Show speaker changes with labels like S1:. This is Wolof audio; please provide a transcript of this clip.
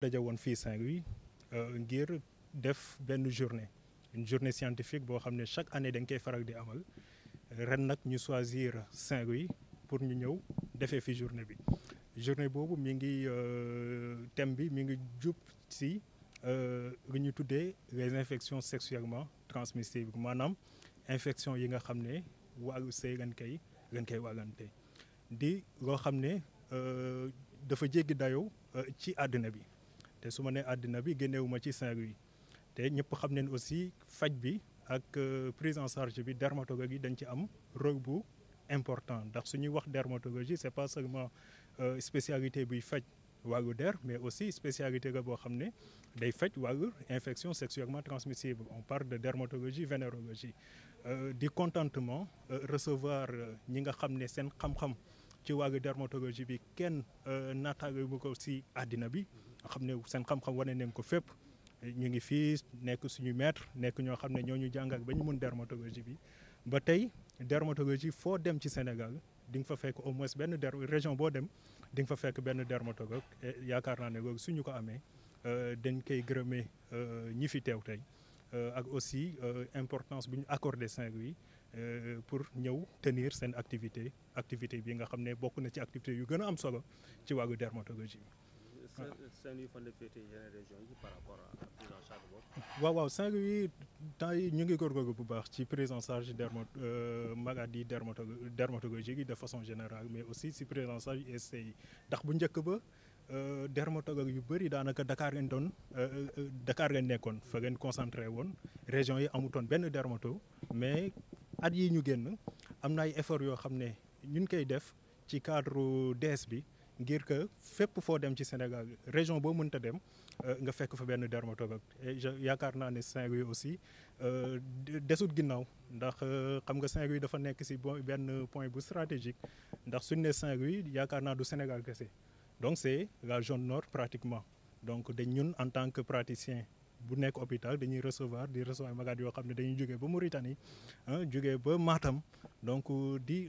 S1: daje woon fii Saint-Louis euh, ngir def benn journée une journée scientifique boo xam ne chaque année dañ koy faral di amal ren nag ñu choisir Saint-Louis pour ñu ñëw defee fi journée bi journée boobu mi ngi euh, thème bi mi ngi jub si euh, lu ñu tuddee les infections sexuellement transmissibles maanaam infection yi nga xam ne wàllu sëy lañ koy lañ koy wàllante di loo xam ne dafa jéggi dayoo ci àdduna bi te su ma nee àddina bi génnewuma ci Saint-Louis te ñëpp xam nañ aussi faj bi ak euh, prise en charge bi dermatologie dañ ci am rôle bu important ndax su ñuy wax dermatologie c'est pas seulement euh, spécialité buy faj wàllu der mais aussi spécialité la boo xam ne day faj wàllu infection sexuellement transmissible on parle de dermatologie vénérologie euh, di contentement recevoir ñi nga xam ne seen xam-xam ci wàllu dermatologie bi kenn naataale mu ko si àddina bi xam ne seen xam-xam wane nañ ko fépp ñu ngi fii nekk suñu maître nekk ñoo xam ne ñoo ñu jàng ba ñu mun dermatologie bi ba tey dermatologie foo dem ci Sénégal di nga fa fekk au moins benn der région boo dem di nga fa fekk benn dermatologue yaakaar naa ne loolu suñu ko amee euh, dañ koy gërëmee euh, ñi fi teew tey euh, ak aussi importance bu ñu accordé Saint-Louis pour ñëw tenir seen activité activité bi nga xam ne bokk na ci activité yu gën a am solo ci wàllu dermatologie waaw waaw Saint-Louis temps yi ñu ngi góorgóorlu bu baax ci prise en charge dermo euh, maladie dermato dermatologique yi de façon générale mais aussi si prise en charge IST ndax bu njëkk ba euh, dermatologue yu bëri daanaka Dakar ngeen doon euh, Dakar ngeen nekkoon fa ngeen woon région yi amutoon benn dermato mais at yi ñu génn am na ay effort yoo xam ne ñun koy def ci cadre DS bi ngir que fépp foo dem ci Sénégal région boo mënta dem euh, nga fekk fa benn dermatologue et yaakaar naa ne saint yi aussi euh, desut ginnaaw ndax euh, xam nga Saint-Louis dafa nekk si benn point bu stratégique ndax suñ ne Saint-Louis yaakaar naa du Sénégal kese donc c'est la zone nord pratiquement donc dañ ñun en tant que praticien bu nekk hôpital dañuy recevoir di recevoir ay yoo xam ne dañuy jógee ba Mauritanie ah jógee ba donc di